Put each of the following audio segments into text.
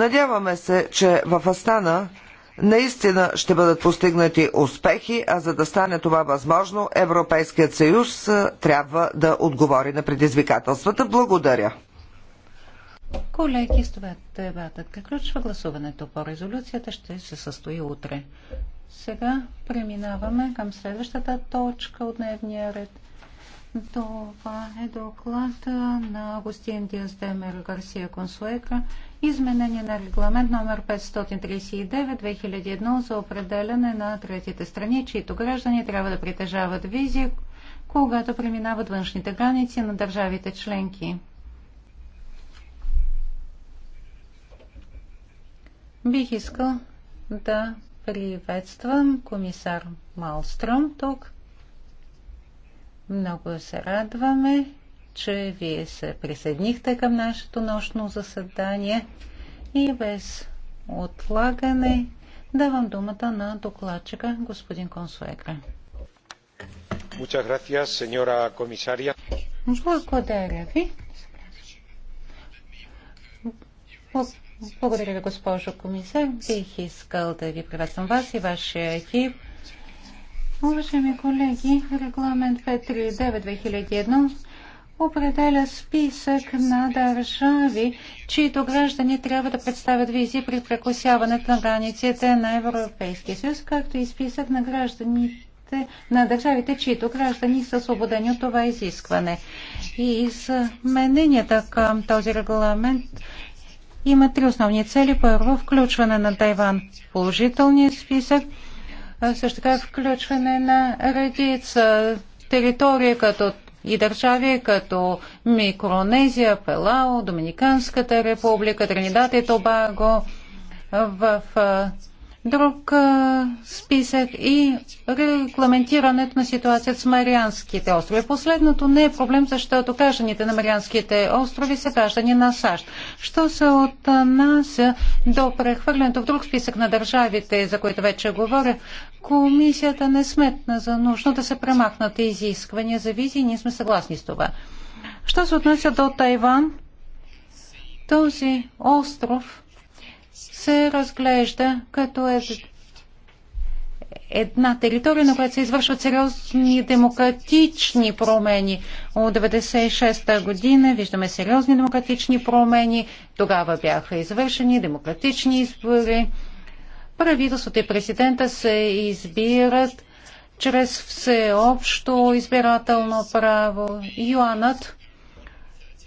Надяваме се, че в Астана наистина ще бъдат постигнати успехи, а за да стане това възможно, Европейският съюз трябва да отговори на предизвикателствата. Благодаря. Колеги, с това дебатът приключва. Гласуването по резолюцията ще се състои утре. Сега преминаваме към следващата точка от дневния ред – това е доклад на Агустин Диас Демер Гарсия Консуека. Изменение на регламент номер 539-2001 за определяне на третите страни, чието граждани трябва да притежават визи, когато преминават външните граници на държавите членки. Бих искал да приветствам комисар Малстром тук. Много се радваме, че вие се присъединихте към нашето нощно заседание и без отлагане давам думата на докладчика господин Консуегра. Благодаря ви. Благодаря ви, госпожо комисар. Бих искал да ви приветствам вас и вашия екип Уважаеми колеги, регламент 539-2001 определя списък на държави, чието граждани трябва да представят визи при прекусяването на границите на Европейския съюз, както и списък на гражданите на държавите, чието граждани са освободени от това изискване. И измененията към този регламент има три основни цели. Първо, включване на Тайван в положителния списък – също така включване на редица територии като и държави като Микронезия, Пелао, Доминиканската република, Тринидад и Тобаго в друг списък и регламентирането на ситуацията с Марианските острови. Последното не е проблем, защото гражданите на Марианските острови са граждани на САЩ. Що се от нас до прехвърлянето в друг списък на държавите, за които вече говоря, комисията не сметна за нужно да се премахнат изисквания за визи и ние сме съгласни с това. Що се отнася до Тайван, този остров се разглежда като е една територия, на която се извършват сериозни демократични промени. От 1996 година виждаме сериозни демократични промени. Тогава бяха извършени демократични избори. Правителството и президента се избират чрез всеобщо избирателно право. Йоанът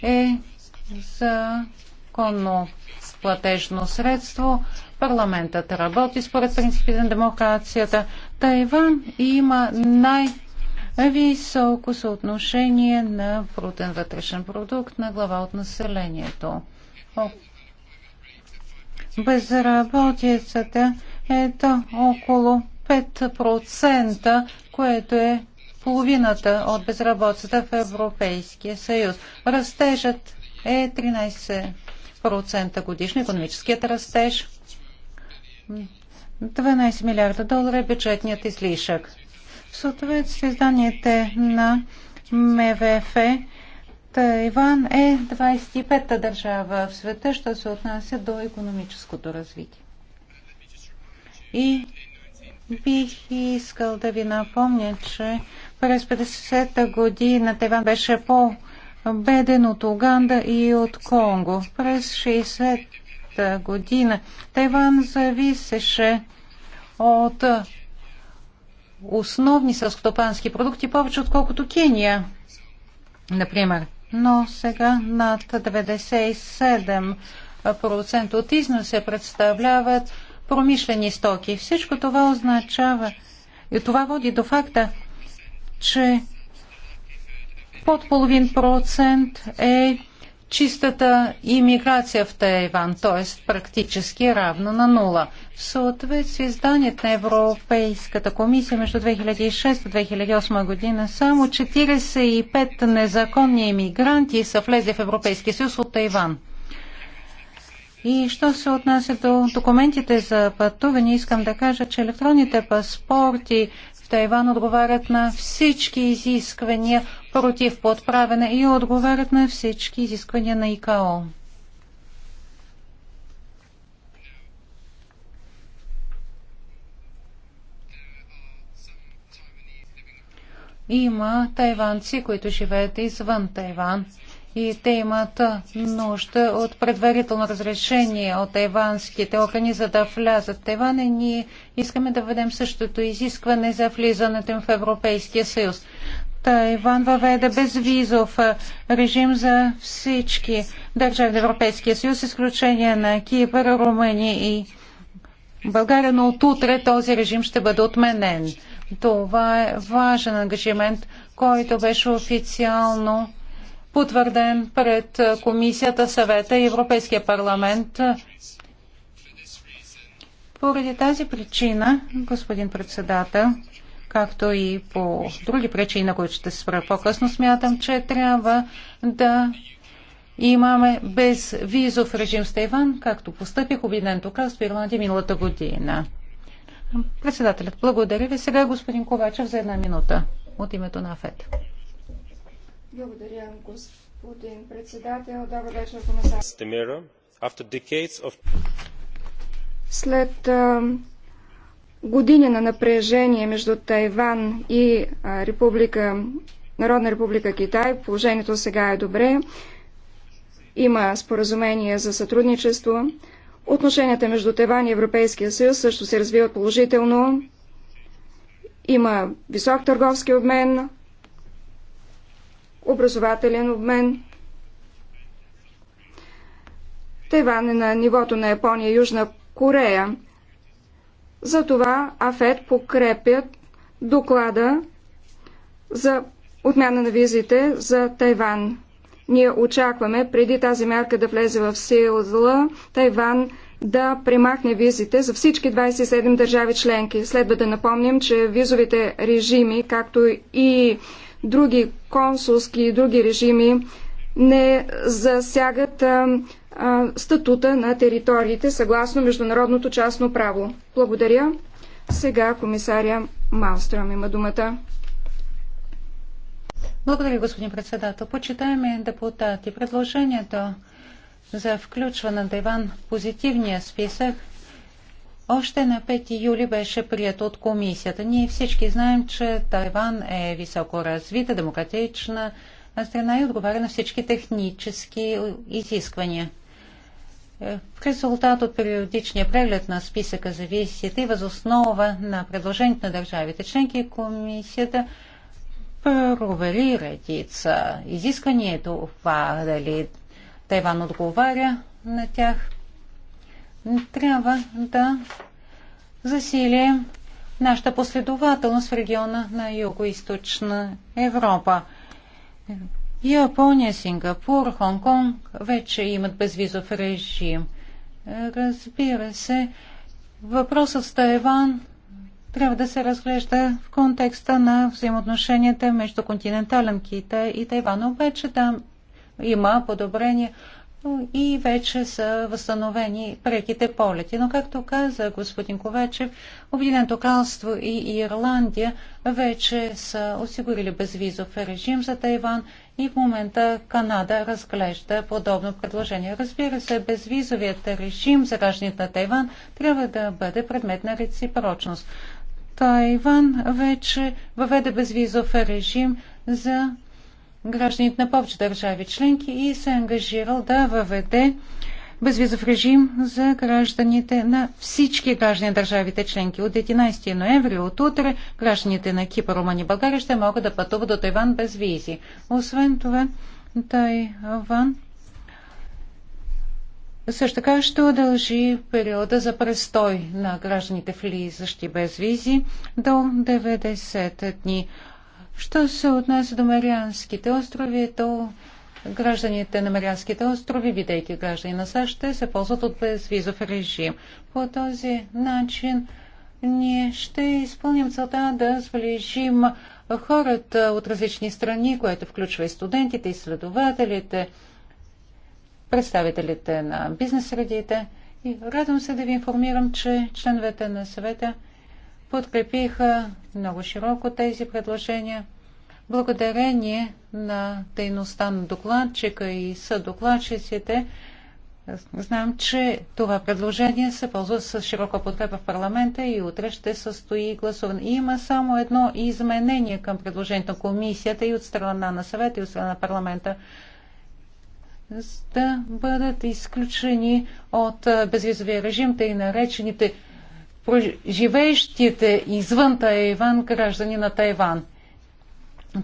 е законно платежно средство. Парламентът работи според принципите на демокрацията. Тайван има най-високо съотношение на брутен вътрешен продукт на глава от населението. Безработицата е около 5%, което е половината от безработицата в Европейския съюз. Растежът е 13 6% годишно економическият растеж, 12 милиарда долара е бюджетният излишък. В съответствие с данните на МВФ, Тайван е 25-та държава в света, що се отнася до економическото развитие. И бих искал да ви напомня, че през 50-та година Тайван беше по- беден от Уганда и от Конго. През 60-та година Тайван зависеше от основни селскостопански продукти повече отколкото Кения, например. Но сега над 97% от износа представляват промишлени стоки. Всичко това означава и това води до факта, че под половин процент е чистата иммиграция в Тайван, т.е. практически равна на нула. В съответствие с данните на Европейската комисия между 2006 и 2008 година само 45 незаконни иммигранти са влезли в Европейския съюз от Тайван. И що се отнася до документите за пътуване, искам да кажа, че електронните паспорти Тайван отговарят на всички изисквания против подправене и отговарят на всички изисквания на ИКАО. Има тайванци, които живеят извън Тайван и те имат нужда от предварително разрешение от тайванските органи, за да влязат в Тайван и ние искаме да введем същото изискване за влизането им в Европейския съюз. Тайван въведе безвизов режим за всички държави в Европейския съюз, изключение на Кипър, Румъния и България, но от утре този режим ще бъде отменен. Това е важен ангажимент, който беше официално потвърден пред Комисията, Съвета и Европейския парламент. Поради тази причина, господин председател, както и по други причини, на които ще се спра по-късно, смятам, че трябва да имаме без визов режим с Тайван, както постъпих Обединеното кралство Ирландия миналата година. Председателят, благодаря ви. Сега господин Ковачев за една минута от името на АФЕД. Благодаря, господин председател. Добър вечер, комисар. След години на напрежение между Тайван и Република, Народна република Китай, положението сега е добре. Има споразумение за сътрудничество. Отношенията между Тайван и Европейския съюз също се развиват положително. Има висок търговски обмен, образователен обмен. Тайван е на нивото на Япония и Южна Корея. Затова АФЕД покрепят доклада за отмяна на визите за Тайван. Ние очакваме преди тази мярка да влезе в сила Тайван да премахне визите за всички 27 държави членки. Следва да напомним, че визовите режими, както и други консулски и други режими не засягат а, а, статута на териториите съгласно международното частно право. Благодаря. Сега комисаря Малстрам има думата. Благодаря, господин председател. Почитаеми депутати, предложението за включване на Тайван позитивния списък още на 5 юли беше прият от комисията. Ние всички знаем, че Тайван е високо развита, демократична страна и отговаря на всички технически изисквания. Е, в резултат от периодичния преглед на списъка за визите и възоснова на предложението на държавите членки, комисията провери редица изисквания това дали Тайван отговаря на тях трябва да засилим нашата последователност в региона на Юго-Источна Европа. Япония, Сингапур, Хонг-Конг вече имат безвизов режим. Разбира се, въпросът с Тайван трябва да се разглежда в контекста на взаимоотношенията между континентален Китай и Тайван. Обаче там има подобрение и вече са възстановени преките полети. Но, както каза господин Ковачев, Обединеното кралство и Ирландия вече са осигурили безвизов режим за Тайван и в момента Канада разглежда подобно предложение. Разбира се, безвизовият режим за гражданите на Тайван трябва да бъде предмет на реципрочност. Тайван вече въведе безвизов режим за гражданите на повече държави членки и се е ангажирал да въведе безвизов режим за гражданите на всички граждани на държавите членки. От 11 ноември от утре гражданите на Кипър, Румъния и България ще могат да пътуват до Тайван без визи. Освен това, Тайван също така ще удължи периода за престой на гражданите влизащи без визи до 90 дни. Що се отнася до Марианските острови, то гражданите на Марианските острови, бидейки граждани на САЩ, ще се ползват от безвизов режим. По този начин ние ще изпълним целта да сближим хората от различни страни, което включва и студентите, изследователите, представителите на бизнес средите. И радвам се да ви информирам, че членовете на съвета – подкрепиха много широко тези предложения. Благодарение на дейността на докладчика и съдокладчиците, знам, че това предложение се ползва с широка подкрепа в парламента и утре ще състои гласуване. Има само едно изменение към предложението на комисията и от страна на съвета и от страна на парламента да бъдат изключени от безвизовия режим, тъй наречените живеещите извън Тайван граждани на Тайван.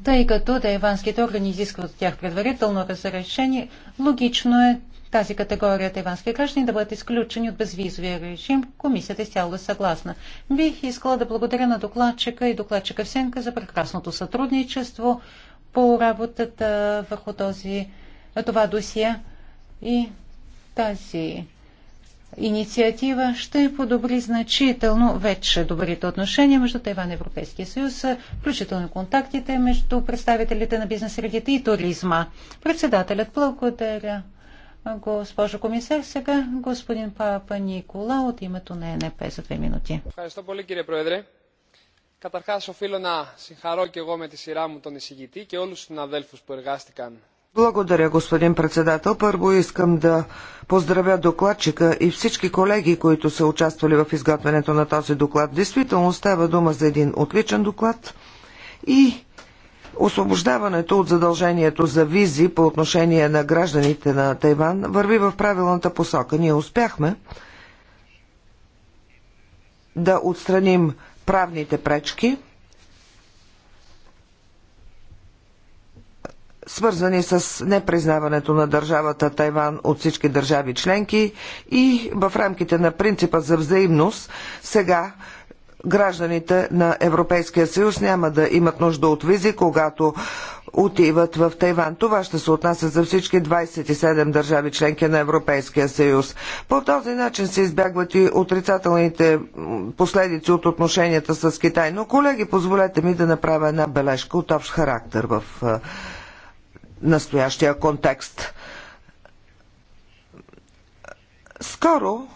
Тъй като тайванските органи изискват от тях предварително разрешение, логично е тази категория тайвански граждани да бъдат изключени от безвизовия режим. Комисията изцяло е съгласна. Бих искала да благодаря на докладчика и докладчика Всенка Сенка за прекрасното сътрудничество по работата върху този, това досие и тази инициатива ще подобри значително вече добрите отношения между Тайван и Европейския съюз, включително контактите между представителите на бизнес средите и туризма. Председателят благодаря. Госпожо комисар, сега господин Папа Никола от името на ЕНП за две минути. Καταρχάς οφείλω να συγχαρώ και εγώ με τη σειρά μου τον εισηγητή και όλους τους συναδέλφους που εργάστηκαν благодаря, господин председател. Първо искам да поздравя докладчика и всички колеги, които са участвали в изготвянето на този доклад. Действително става дума за един отличен доклад и освобождаването от задължението за визи по отношение на гражданите на Тайван върви в правилната посока. Ние успяхме да отстраним правните пречки – свързани с непризнаването на държавата Тайван от всички държави членки и в рамките на принципа за взаимност сега гражданите на Европейския съюз няма да имат нужда от визи, когато отиват в Тайван. Това ще се отнася за всички 27 държави членки на Европейския съюз. По този начин се избягват и отрицателните последици от отношенията с Китай. Но, колеги, позволете ми да направя една бележка от общ характер в настоящия контекст. Скоро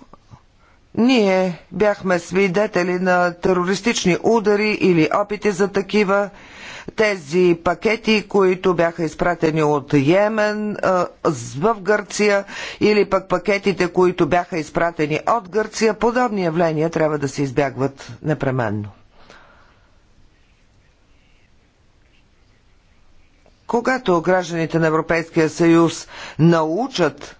ние бяхме свидетели на терористични удари или опити за такива. Тези пакети, които бяха изпратени от Йемен в Гърция или пък пакетите, които бяха изпратени от Гърция, подобни явления трябва да се избягват непременно. Когато гражданите на Европейския съюз научат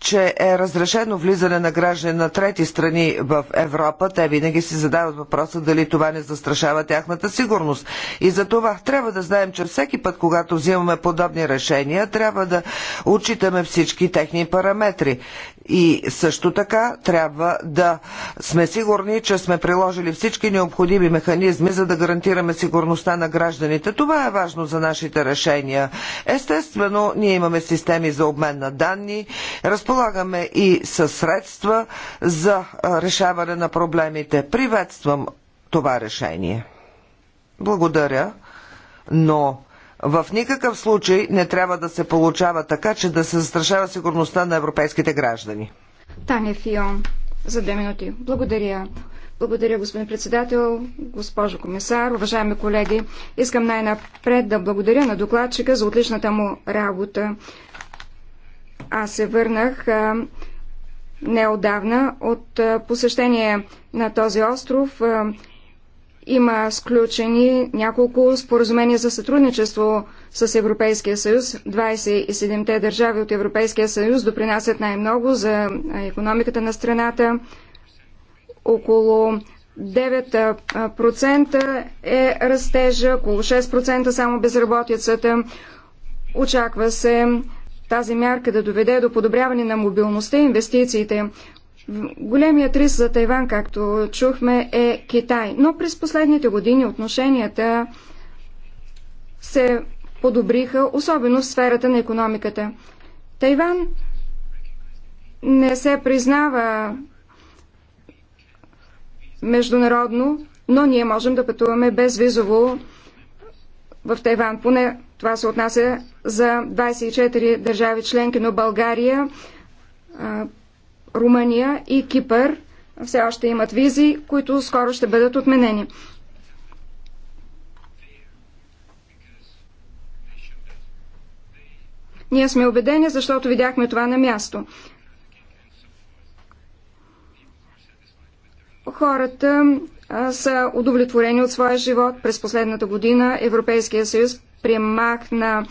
че е разрешено влизане на граждани на трети страни в Европа, те винаги си задават въпроса дали това не застрашава тяхната сигурност. И за това трябва да знаем, че всеки път, когато взимаме подобни решения, трябва да отчитаме всички техни параметри. И също така трябва да сме сигурни, че сме приложили всички необходими механизми, за да гарантираме сигурността на гражданите. Това е важно за нашите решения. Естествено, ние имаме системи за обмен на данни, разполагаме и със средства за решаване на проблемите. Приветствам това решение. Благодаря, но в никакъв случай не трябва да се получава така, че да се застрашава сигурността на европейските граждани. Тане Фион, за две минути. Благодаря. Благодаря, господин председател, госпожо комисар, уважаеми колеги. Искам най-напред да благодаря на докладчика за отличната му работа. Аз се върнах неодавна от посещение на този остров. А, има сключени няколко споразумения за сътрудничество с Европейския съюз. 27-те държави от Европейския съюз допринасят най-много за економиката на страната. Около 9% е растежа, около 6% само безработицата. Очаква се тази мярка да доведе до подобряване на мобилността и инвестициите. Големият риск за Тайван, както чухме, е Китай. Но през последните години отношенията се подобриха, особено в сферата на економиката. Тайван не се признава международно, но ние можем да пътуваме безвизово в Тайван. Поне това се отнася за 24 държави членки, но България Румъния и Кипър все още имат визи, които скоро ще бъдат отменени. Ние сме убедени, защото видяхме това на място. Хората са удовлетворени от своя живот. През последната година Европейския съюз на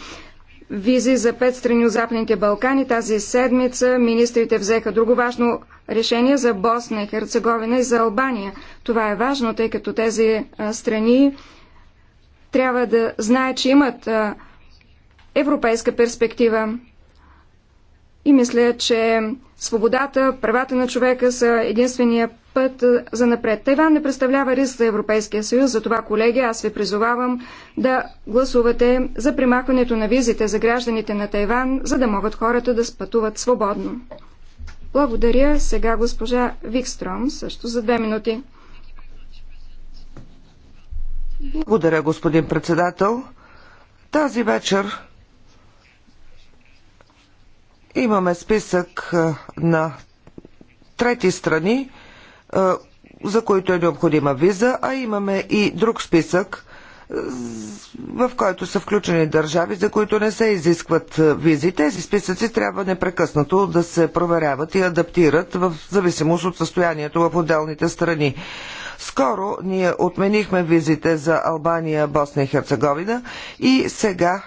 визи за пет страни от Западните Балкани. Тази седмица министрите взеха друго важно решение за Босна и Херцеговина и за Албания. Това е важно, тъй като тези страни трябва да знаят, че имат европейска перспектива. И мисля, че свободата, правата на човека са единствения път за напред. Тайван не представлява риск за Европейския съюз, затова, колеги, аз ви призовавам да гласувате за примахването на визите за гражданите на Тайван, за да могат хората да спътуват свободно. Благодаря сега госпожа Викстром, също за две минути. Благодаря, господин председател. Тази вечер Имаме списък на трети страни, за които е необходима виза, а имаме и друг списък, в който са включени държави, за които не се изискват визи. Тези списъци трябва непрекъснато да се проверяват и адаптират в зависимост от състоянието в отделните страни. Скоро ние отменихме визите за Албания, Босна и Херцеговина и сега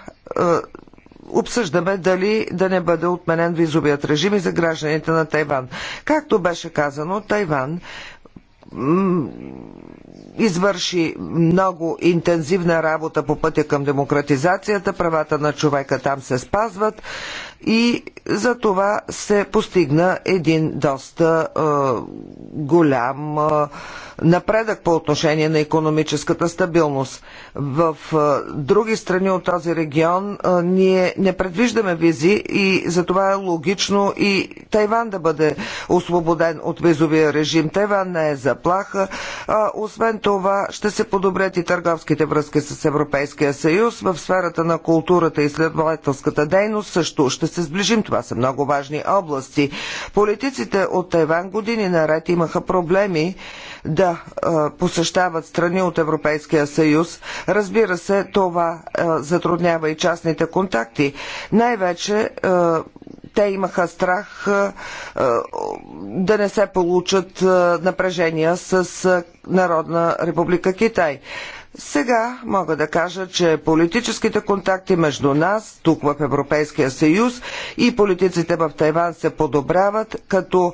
обсъждаме дали да не бъде отменен визовият режим и за гражданите на Тайван. Както беше казано, Тайван извърши много интензивна работа по пътя към демократизацията, правата на човека там се спазват и за това се постигна един доста е, голям е, напредък по отношение на економическата стабилност. В е, други страни от този регион е, ние не предвиждаме визи и затова е логично и Тайван да бъде освободен от визовия режим. Тайван не е заплаха. Е, освен това ще се подобрят и търговските връзки с Европейския съюз в сферата на културата и следователската дейност също ще се сближим. Това са много важни области. Политиците от Тайван години наред имаха проблеми да е, посещават страни от Европейския съюз. Разбира се, това е, затруднява и частните контакти. Най-вече е, те имаха страх да не се получат напрежения с Народна република Китай. Сега мога да кажа, че политическите контакти между нас, тук в Европейския съюз и политиците в Тайван се подобряват, като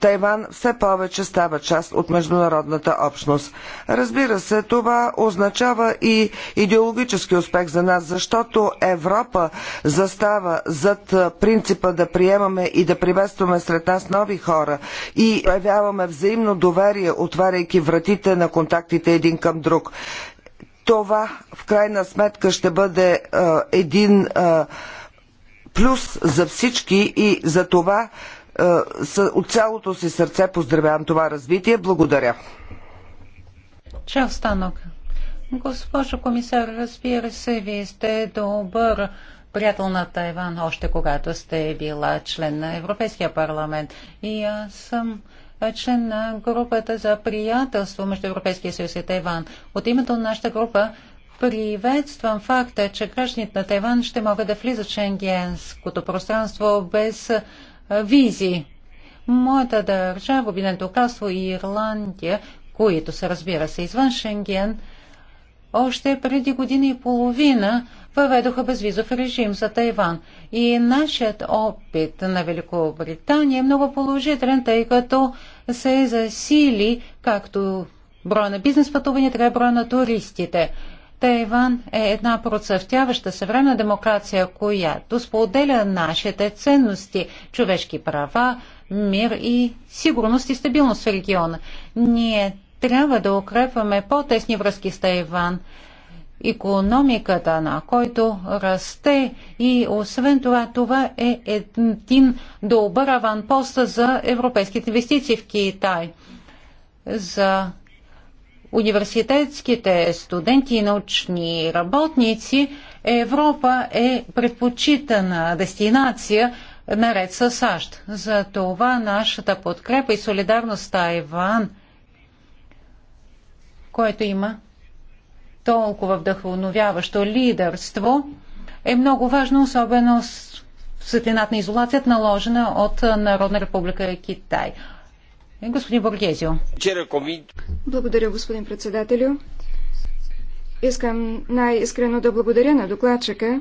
Тайван все повече става част от международната общност. Разбира се, това означава и идеологически успех за нас, защото Европа застава зад принципа да приемаме и да приветстваме сред нас нови хора и явяваме взаимно доверие, отваряйки вратите на контактите един към друг. Това в крайна сметка ще бъде а, един а, плюс за всички и за това е, от цялото си сърце поздравявам това развитие. Благодаря. Чао, Станок. Госпожо комисар, разбира се, вие сте добър приятел на Тайван, още когато сте била член на Европейския парламент. И аз съм член на групата за приятелство между Европейския съюз и Тайван. От името на нашата група приветствам факта, че гражданите на Тайван ще могат да влизат в шенгенското пространство без визи. Моята държава, Обединеното кралство и Ирландия, които се разбира се извън Шенген, още преди година и половина въведоха безвизов режим за Тайван. И нашият опит на Великобритания е много положителен, тъй като се е засили както броя на бизнес пътувания, така и броя на туристите. Тайван е една процъфтяваща съвременна демокрация, която споделя нашите ценности, човешки права, мир и сигурност и стабилност в региона. Ние трябва да укрепваме по-тесни връзки с Тайван, економиката на който расте и освен това, това е един добър аванпост за европейските инвестиции в Китай. За университетските студенти и научни работници, Европа е предпочитана дестинация наред с САЩ. За това нашата подкрепа и солидарност с Тайван, което има толкова вдъхновяващо лидерство, е много важно, особено в светлината на изолацията, наложена от Народна република Китай. Господин Боргезио. Благодаря, господин председателю. Искам най-искрено да благодаря на докладчика.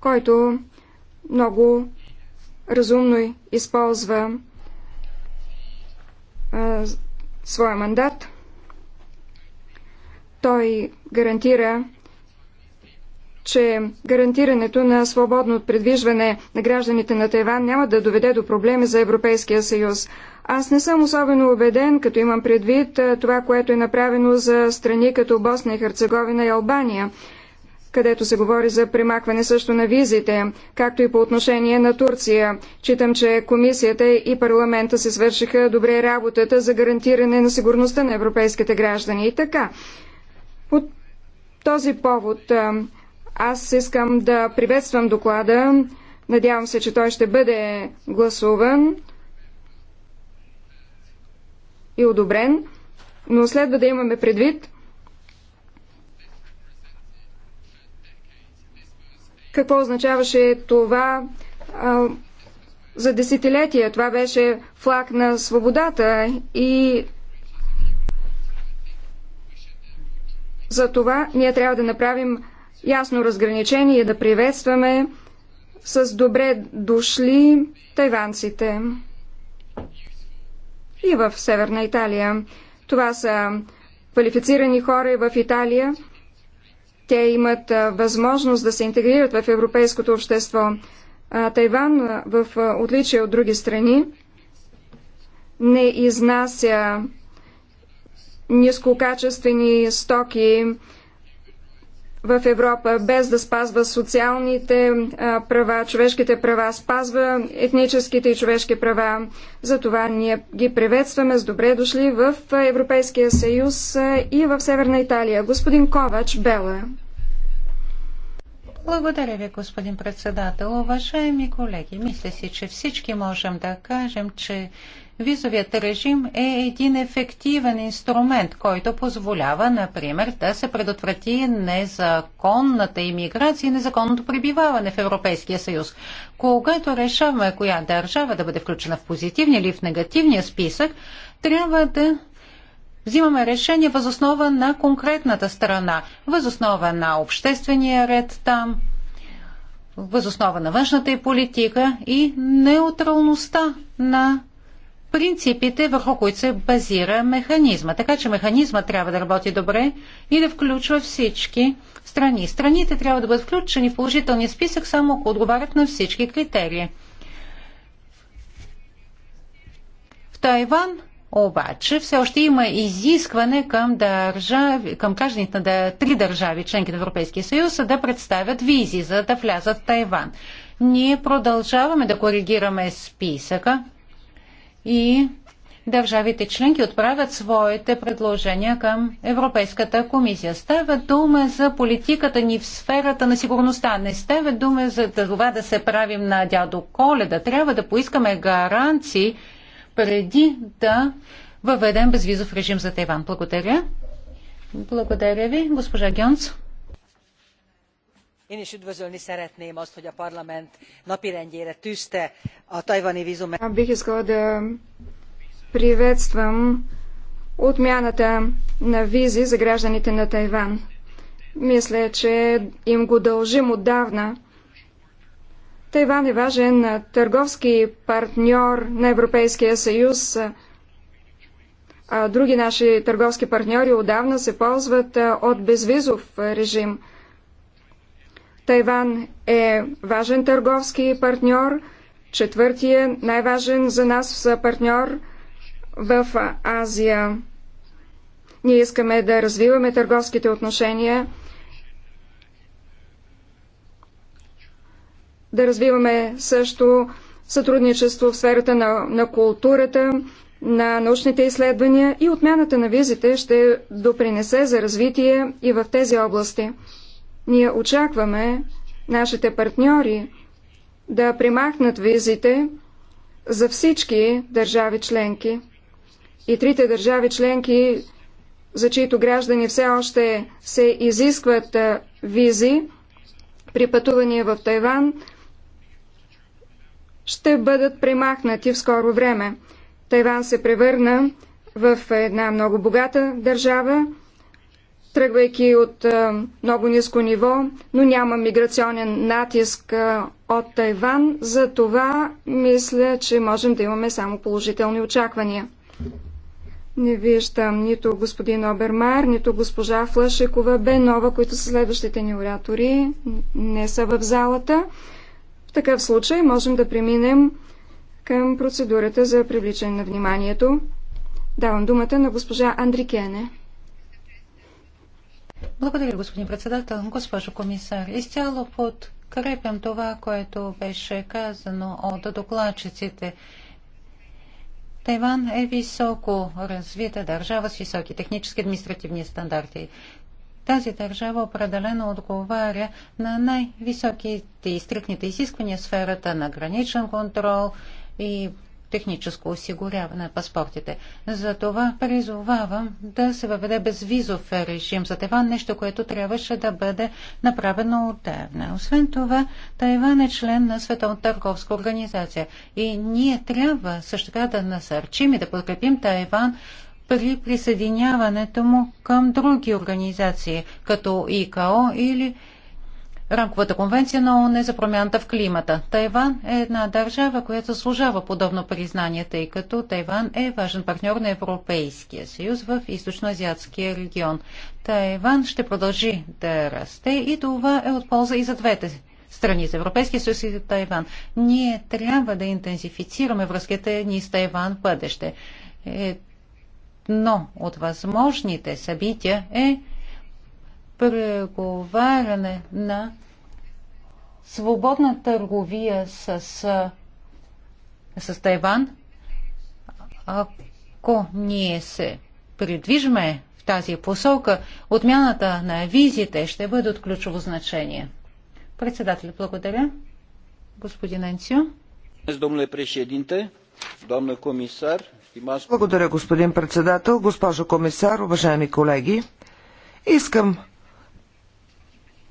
който много разумно използва а, своя мандат. Той гарантира че гарантирането на свободно предвижване на гражданите на Тайван няма да доведе до проблеми за Европейския съюз. Аз не съм особено убеден, като имам предвид това, което е направено за страни като Босна и Херцеговина и Албания, където се говори за примакване също на визите, както и по отношение на Турция. Читам, че комисията и парламента се свършиха добре работата за гарантиране на сигурността на европейските граждани. И така, от този повод аз искам да приветствам доклада. Надявам се, че той ще бъде гласуван и одобрен, но следва да имаме предвид какво означаваше това а, за десетилетия. Това беше флаг на свободата и за това ние трябва да направим ясно разграничение и да приветстваме с добре дошли тайванците и в Северна Италия. Това са квалифицирани хора в Италия. Те имат възможност да се интегрират в европейското общество. А Тайван, в отличие от други страни, не изнася нискокачествени стоки, в Европа, без да спазва социалните права, човешките права, спазва етническите и човешки права. Затова ние ги приветстваме с добре дошли в Европейския съюз и в Северна Италия. Господин Ковач Бела. Благодаря ви, господин председател. Уважаеми колеги, мисля си, че всички можем да кажем, че Визовият режим е един ефективен инструмент, който позволява, например, да се предотврати незаконната иммиграция и незаконното пребиваване в Европейския съюз. Когато решаваме коя държава да бъде включена в позитивния или в негативния списък, трябва да взимаме решение възоснова на конкретната страна, възоснова на обществения ред там, възоснова на външната и политика и неутралността на принципите, върху които се базира механизма. Така че механизма трябва да работи добре и да включва всички страни. Страните трябва да бъдат включени в положителния списък, само ако отговарят на всички критерии. В Тайван обаче все още има изискване към, държави, към гражданите на три държави, членки на Европейския съюз, да представят визи, за да влязат в Тайван. Ние продължаваме да коригираме списъка и държавите членки отправят своите предложения към Европейската комисия. Става дума за политиката ни в сферата на сигурността. Не става дума за това да се правим на дядо Коледа. Трябва да поискаме гаранции преди да въведем безвизов режим за Тайван. Благодаря. Благодаря ви, госпожа Гьонц én is üdvözölni szeretném azt hogy a parlament napirendjére tűzte a tajvani vízum. бих искала да приветствам отмяната на визи за гражданите на Тайван. Мисля, че им го дължим отдавна. Тайван е важен търговски партньор на Европейския съюз. А други наши търговски партньори отдавна се ползват от безвизов режим – Тайван е важен търговски партньор, четвъртия най-важен за нас партньор в Азия. Ние искаме да развиваме търговските отношения, да развиваме също сътрудничество в сферата на, на културата, на научните изследвания и отмяната на визите ще допринесе за развитие и в тези области. Ние очакваме нашите партньори да примахнат визите за всички държави членки. И трите държави членки, за чието граждани все още се изискват визи при пътувания в Тайван, ще бъдат премахнати в скоро време. Тайван се превърна в една много богата държава, тръгвайки от много ниско ниво, но няма миграционен натиск от Тайван. За това мисля, че можем да имаме само положителни очаквания. Не виждам нито господин Обермар, нито госпожа Флашекова Бенова, които са следващите ни оратори, не са в залата. В такъв случай можем да преминем към процедурата за привличане на вниманието. Давам думата на госпожа Андрикене. Благодаря, господин председател. Госпожо комисар, изцяло подкрепям това, което беше казано от докладчиците. Тайван е високо развита държава с високи технически и административни стандарти. Тази държава определено отговаря на най-високите и стрикните изисквания в сферата на граничен контрол и техническо осигуряване на паспортите. Затова призовавам да се въведе безвизов режим за Тайван, нещо, което трябваше да бъде направено отдавна. Освен това, Тайван е член на Световната търговска организация и ние трябва също така да насърчим и да подкрепим Тайван при присъединяването му към други организации, като ИКО или рамковата конвенция на ООН е за промяната в климата. Тайван е една държава, която заслужава подобно признание, тъй като Тайван е важен партньор на Европейския съюз в Източно-азиатския регион. Тайван ще продължи да расте и това е от полза и за двете страни за Европейския съюз и Тайван. Ние трябва да интензифицираме връзките ни с Тайван в бъдеще. Едно от възможните събития е преговаряне на свободна търговия с, с Тайван, ако ние се придвижме в тази посока, отмяната на визите ще бъде от ключово значение. Председател, благодаря. Господин Енцио. Домнule președinte, doamnă comisar, Благодаря, господин председател, госпожо комисар, уважаеми колеги. Искам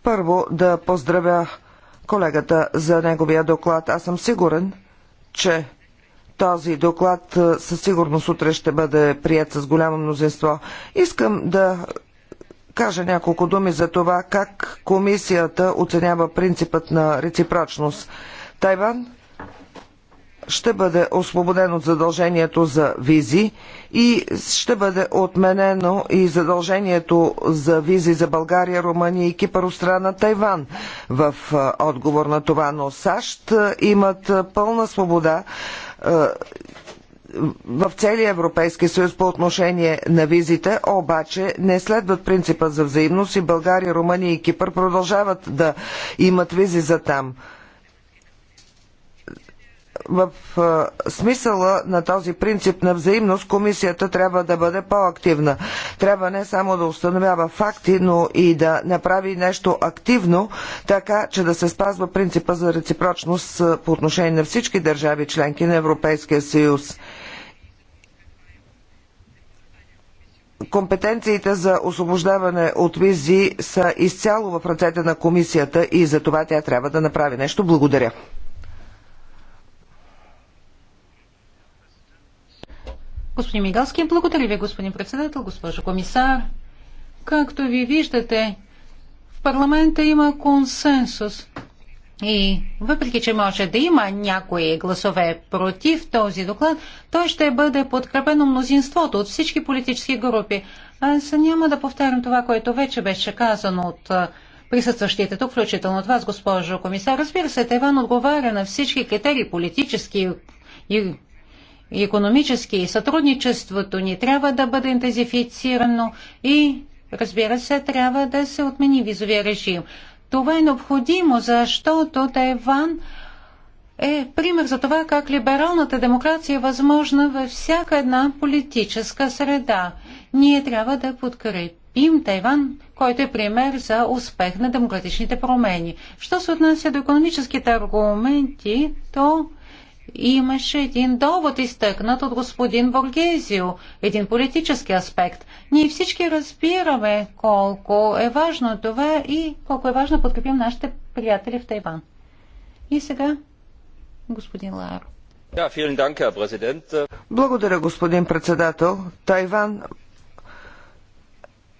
първо да поздравя колегата за неговия доклад. Аз съм сигурен, че този доклад е, със сигурност утре ще бъде прият с голямо мнозинство. Искам да кажа няколко думи за това как комисията оценява принципът на реципрочност. Тайван ще бъде освободен от задължението за визи и ще бъде отменено и задължението за визи за България, Румъния и Кипър от страна Тайван. В отговор на това, но САЩ имат пълна свобода в целия Европейски съюз по отношение на визите, обаче не следват принципа за взаимност и България, Румъния и Кипър продължават да имат визи за там в смисъла на този принцип на взаимност комисията трябва да бъде по-активна. Трябва не само да установява факти, но и да направи нещо активно, така че да се спазва принципа за реципрочност по отношение на всички държави членки на Европейския съюз. Компетенциите за освобождаване от визи са изцяло в ръцете на комисията и за това тя трябва да направи нещо. Благодаря. Господин Мигалски, благодаря ви, господин председател, госпожо комисар. Както ви виждате, в парламента има консенсус. И въпреки, че може да има някои гласове против този доклад, той ще бъде подкрепено мнозинството от всички политически групи. Аз няма да повтарям това, което вече беше казано от присъстващите тук, включително от вас, госпожо комисар. Разбира се, Тайван отговаря на всички критерии политически и и економически и сътрудничеството ни трябва да бъде интензифицирано и, разбира се, трябва да се отмени визовия режим. Това е необходимо, защото Тайван е пример за това как либералната демокрация е възможна във всяка една политическа среда. Ние трябва да подкрепим Тайван, който е пример за успех на демократичните промени. Що се отнася до економическите аргументи, то имаше един довод изтъкнат от господин Боргезио, един политически аспект. Ние всички разбираме колко е важно това и колко е важно да подкрепим нашите приятели в Тайван. И сега господин Ларо. Благодаря, господин председател. Тайван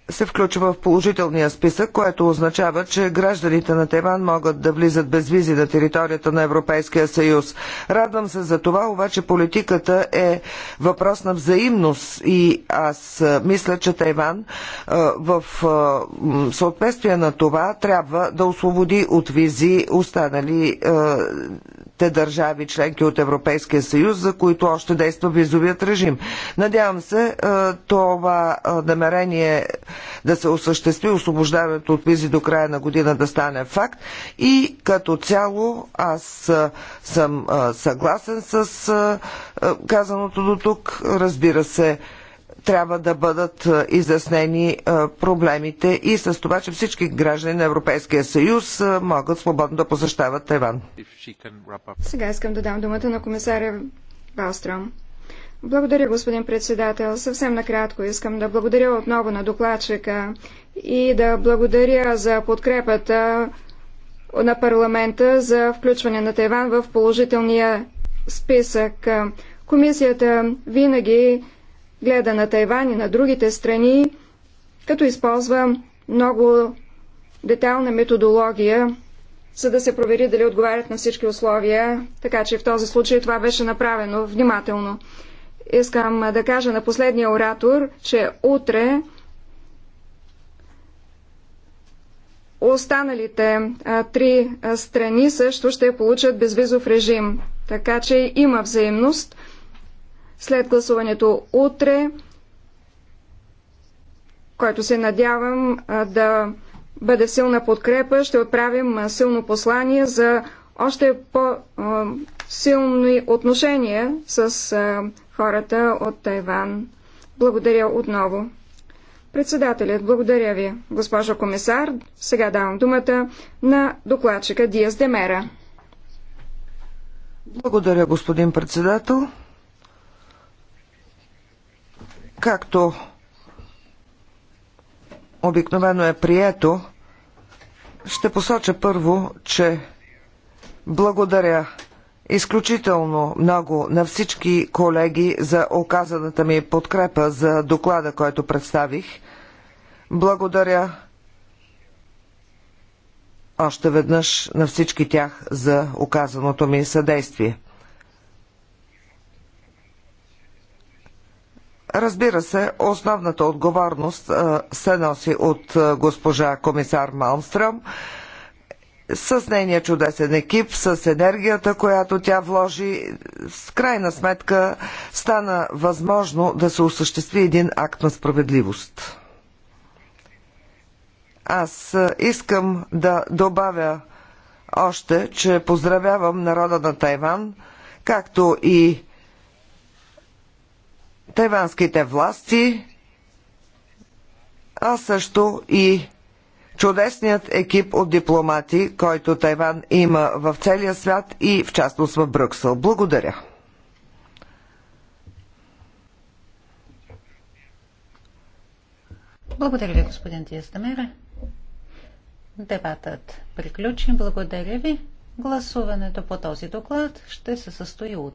се включва в положителния списък, което означава, че гражданите на Тайван могат да влизат без визи на територията на Европейския съюз. Радвам се за това, обаче политиката е въпрос на взаимност и аз мисля, че Тайван в съответствие на това трябва да освободи от визи останали те държави членки от Европейския съюз, за които още действа визовият режим. Надявам се е, това е, намерение да се осъществи освобождаването от визи до края на година да стане факт и като цяло аз е, съм съгласен с казаното до тук. Разбира се, трябва да бъдат е, изяснени е, проблемите и с това, че всички граждани на Европейския съюз е, могат свободно да посещават Тайван. Сега искам да дам думата на комисаря Валстрам. Благодаря, господин председател. Съвсем накратко искам да благодаря отново на докладчика и да благодаря за подкрепата на парламента за включване на Тайван в положителния списък. Комисията винаги гледа на Тайван и на другите страни, като използва много детална методология, за да се провери дали отговарят на всички условия, така че в този случай това беше направено внимателно. Искам да кажа на последния оратор, че утре останалите а, три а, страни също ще получат безвизов режим. Така че има взаимност след гласуването утре, който се надявам да бъде силна подкрепа, ще отправим силно послание за още по-силни отношения с хората от Тайван. Благодаря отново. Председателят, благодаря ви, госпожо комисар. Сега давам думата на докладчика Диас Демера. Благодаря, господин председател както обикновено е прието, ще посоча първо, че благодаря изключително много на всички колеги за оказаната ми подкрепа за доклада, който представих. Благодаря още веднъж на всички тях за оказаното ми съдействие. Разбира се, основната отговорност се носи от госпожа комисар Малмстръм с нейния чудесен екип, с енергията, която тя вложи, с крайна сметка стана възможно да се осъществи един акт на справедливост. Аз искам да добавя още, че поздравявам народа на Тайван, както и тайванските власти, а също и чудесният екип от дипломати, който Тайван има в целия свят и в частност в Брюксел. Благодаря. Благодаря ви, господин Диестамера. Дебатът приключи. Благодаря ви. Гласуването по този доклад ще се състои от